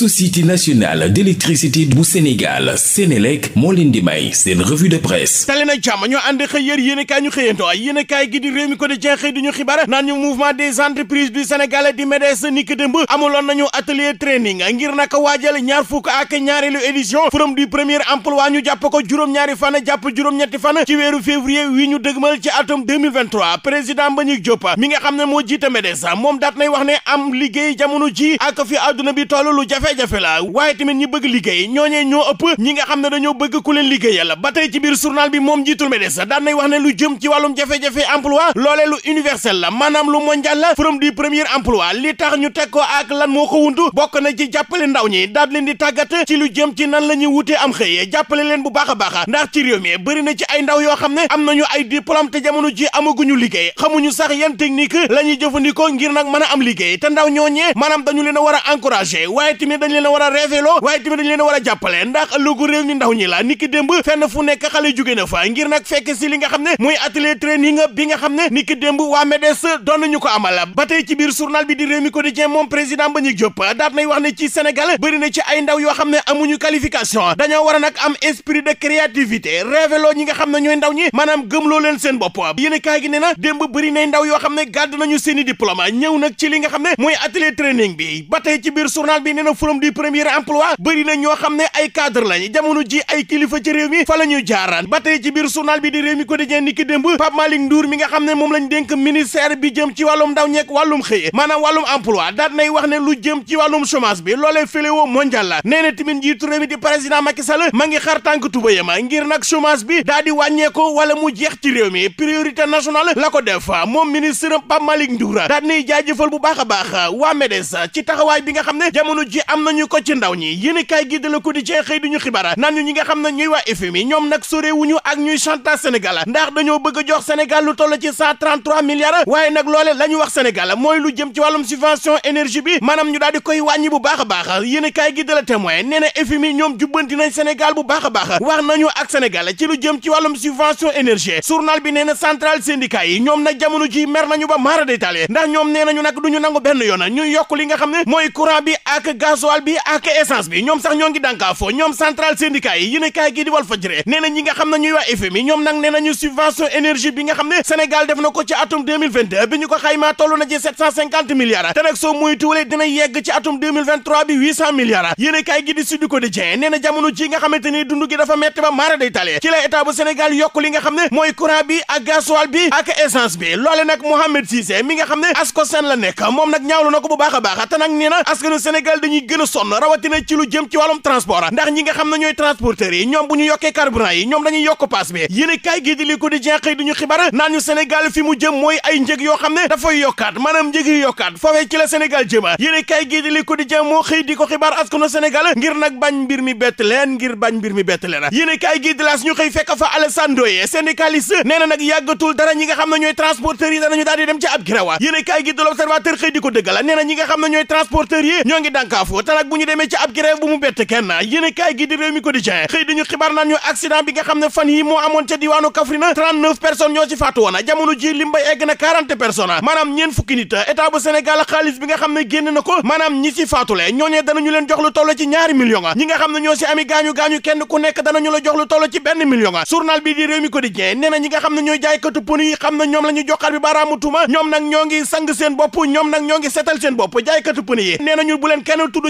société nationale d'électricité bu Sénégal Sénélec moo leen di may seen revue de presse tali nag jàmm ñoo ànd xëy yér i kaay ñu xëyanto ay yéen gi di réew mi ko di jenxëy di ñu xibaar naan ñu mouvement des entreprises du Sénégal di MEDES ni ki démb amuloon nañu atelier training ngir naka waajal ñaar fukk ak ñaareelu édition forum du premier emploi ñu jàpp ko juróom-ñaari fan jàpp juróom-ñetti fan ci weeru février wi ñu dëgmal jafe-jafe la waaye tamit ñi bëgg liggéey ñooñee ñoo ëpp ñi nga xam ne dañoo bëgg ku leen liggéeyal ba tey ci biir journal bi moom njiitul MEDES daan nay wax ne lu jëm ci wàllum jafe-jafe emploi loolee lu universel la maanaam lu mondial la forum du premier emploi li tax ñu teg ko ak lan moo ko wundu bokk na ci jàppale ndaw ñi daal leen di tàggat ci lu jëm ci nan la ñuy wutee am xëy jàppale leen bu baax a baax ndax ci réew mi bëri na ci ay ndaw yoo xam ne am nañu ay diplôme te jamono ji amaguñu liggéey xamuñu sax yan technique la ñuy jëfandikoo ngir nag mën a am liggéey te ndaw ñooñee maanaam a a encourager ne dañ leen a war a révélo waaye tamit dañ leen a jàppale ndax ëllëgu réew ñu ndaw ñi la niki démb fenn fu nekk xale jóge na fa ngir nag fekk si li nga xam ne muy atelier training bi nga xam ne niki nañu ko amal ba tey ci biir journal bi di moom président Mbagnick Diop daat nay wax ne ci yoo xam ne amuñu qualification dañoo war a nag am esprit de créativité nga xam ne ñooy ndaw ñi maanaam gëmloo leen seen bopp yéen kaay gi nee na démb bëri nay ndaw yoo xam ne gàdd nañu seeni diplôme ñëw nag ci li nga xam ne mooy atelier training bi ba tey ci biir journal bi nee na forum du premier emploi bëri na ñoo xam ne ay cadre lañ ji ay kilifa ci réew mi fa la ñu jaaraan ba tey ci biir journal bi di réew mi quotidien ni ki démb Pape Malick Ndour mi nga xam ne moom lañ dénk ministère bi jëm ci wàllum ndaw ñeek wàllum xëye maanaam wàllum emploi daat wax ne lu jëm ci wàllum chômage bi loolee fléau mondial la nee na tamit njiitu réew mi di président Macky ma ngi xar tànk tubayama ngir nag chômage bi daa di wàññeeko wala mu jeex ci réew mi priorité nationale la ko moom ministre Pape Malick Ndour daat nay jaajëfal bu baax a baax waa MEDES ci taxawaay bi nga xam ne jamono am nañu ko ci ndaw ñi yéen kaay gi de la ko di cee xëy duñu xibaar naan ñu ñi nga xam ne ñuy waa FMI ñoom nag sore wuñu ak ñuy chantage Sénégal ndax dañoo bëgg a jox Sénégal lu toll ci cent trente trois waaye nag loole la ñu wax Sénégal mooy lu jëm ci wàllum subvention énergie bi maanaam ñu daal di koy wàññi bu baax a baax yéen kaay gi de la témoin nee na FMI ñoom jubbanti nañ bu baax a baax wax nañu ak Sénégal ci lu jëm ci wàllum subvention énergie journal bi nee na central syndicat yi ñoom nag jamono ji mer nañu ba maara détaillé ndax ñoom nee nañu nag duñu nangu benn yoon ñu yokk li nga xam ne mooy courant bi ak gaz gasoil bi ak essence bi ñoom sax ñoom central syndicat yi yéen a kaay gi di Walf Fadjri nee na ñi nga xam ne ñuy waa FMI ñoom nag nee nañu subvention énergie bi nga xam ne Sénégal def na ko ci atum bi ñu ko xaymaa toll na ci 750 milliards te nag soo muy tuulee dina yegg ci atum bi 800 milliards yéen a kaay gi di Sud Quotidien nee ji nga xamante ni dund gi dafa metti ba maara day talee ci la état bu Sénégal li nga xam ne mooy a baax te gën a sonn rawatina ci lu jëm ci wàllum transport ndax ñi nga xam ne ñooy transporteurs yi ñoom bu ñu yokkee carburant yi ñoom dañuy yokk paas bi yéen kaay gii di li ko di ñu ay njëg yoo xam ne dafay yokkaat maanaam njëg yi yokkaat foofee ci la Sénégal jëma yéen kaay gii di li ko di jen moo xëy di ko xibaar askanu bañ mbir mi bett leen ngir bañ mbir mi bett leen yéen kaay gii di laas ñu xëy fekk fa Alassane Ndoye syndicaliste nee na nag yàggatul dara ñi nga xam ne ñooy transporteurs yi danañu daal di dem ci ab girawa yéen ko dëggal nee na ñi nga xam ne ñooy transporteurs yi ñoo ngi dànkaafu te nag bu ñu demee ci ab grève bu mu bett kenn yéene kaay gi di réew mi quotidien xëy dañu xibaar naan ñu accident bi nga xam ne fan yi moo amoon ca diwaanu Kaffrine 39 personnes ñoo ci faatu woon jamono ji lim bay egg na 40 personnes maanaam ñeen fukki nit état bu Sénégal xaalis bi nga xam ne génn na ko maanaam ñi ci faatule ñooñee danañu leen jox lu toll ci ñaari millions ñi nga xam ne ñoo ci ami gaañu-gaañu kenn ku nekk danañu la jox lu toll ci benn million journal bi di réew mi quotidien na ñi nga xam ne ñooy jaaykatu pon yi xam na ñoom la ñu joxaat bi baaraamu ñoo ngi sang seen bopp ñoom nag ñoo ngi setal seen bopp jaaykatu pon yi nee kenn tudd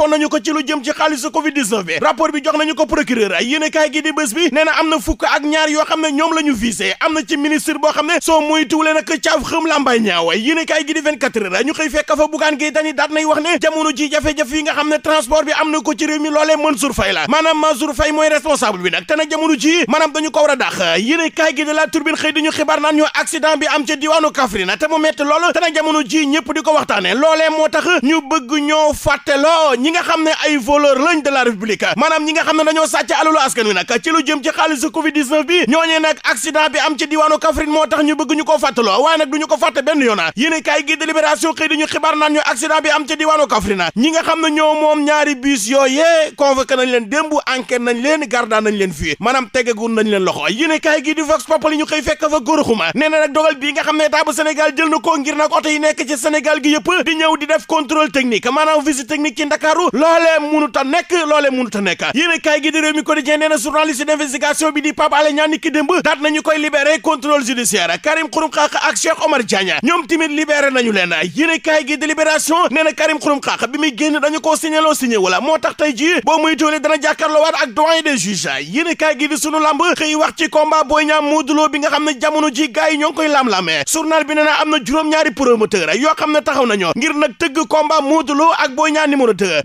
defoon nañu ko ci lu jëm ci xaalisu covid 19 bi rapport bi jox nañu ko procureur ay yéene kaay gi di bi nee am na fukk ak ñaar yoo xam ne ñoom la visé am na ci ministre boo xam ne soo muy tuwulee nag caaf xëm lambay ñaaw ay yéene kaay gi di 24 heures ñu xëy fekk fa bugaan gi dañi daat nay wax ne jamono ji jafe-jafe nga xam ne transport bi am na ko ci réew mi loolee Mansour Faye la maanaam Mansour Faye mooy responsable bi nag te nag jamono ñi nga xam ne ay voleur lañ de la république maanaam ñi nga xam ne dañoo sàcc alalu askan wi nag ci lu jëm ci xaalisu covid 19 bi ñooñee nag accident bi am ci diwaanu Kaffrine moo tax ñu bëgg ñu koo fàttaloo waaye nag du ñu ko fàtte benn yoon yéen kaay gi délibération xëy dañu xibaar naan ñu accident bi am ci diwaanu Kaffrine ñi nga xam ne ñoo moom ñaari bus yooyee convoqué nañ leen démb enquête nañ leen garda nañ leen fii maanaam tegegun nañ leen loxo yéen ne état gi di ñëw di def contrôle ndakaaru loolee mënut a nekk loolee mënut a nekk yéen a kaay gi di réew mi quotidien nee na journaliste d'investigation bi di Pape Alé Niang niki démb daat nañu koy libéré contrôle judiciaire Karim Xurum Xaq ak Cheikh Omar Diagne ñoom tamit libéré nañu leen yéen a gi di libération nee na Karim Xurum bi muy génn dañu koo signaloo signé wala moo tax tey jii boo muy tóole dana jàkkaarloo waat ak doyen des juges yéen a kaay gi di sunu lamb xëy wax ci combat Boy Niang Modou Lo bi na am na juróom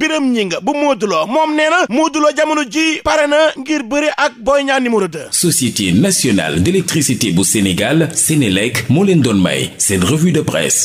Biram ñi nga bu Modou Lo moom nee na Modou Lo jamono ji pare na ngir bëri ak booy Niang numéro 2. Société nationale d'électricité bu Sénégal Sénélec moo leen doon may seen revue de presse.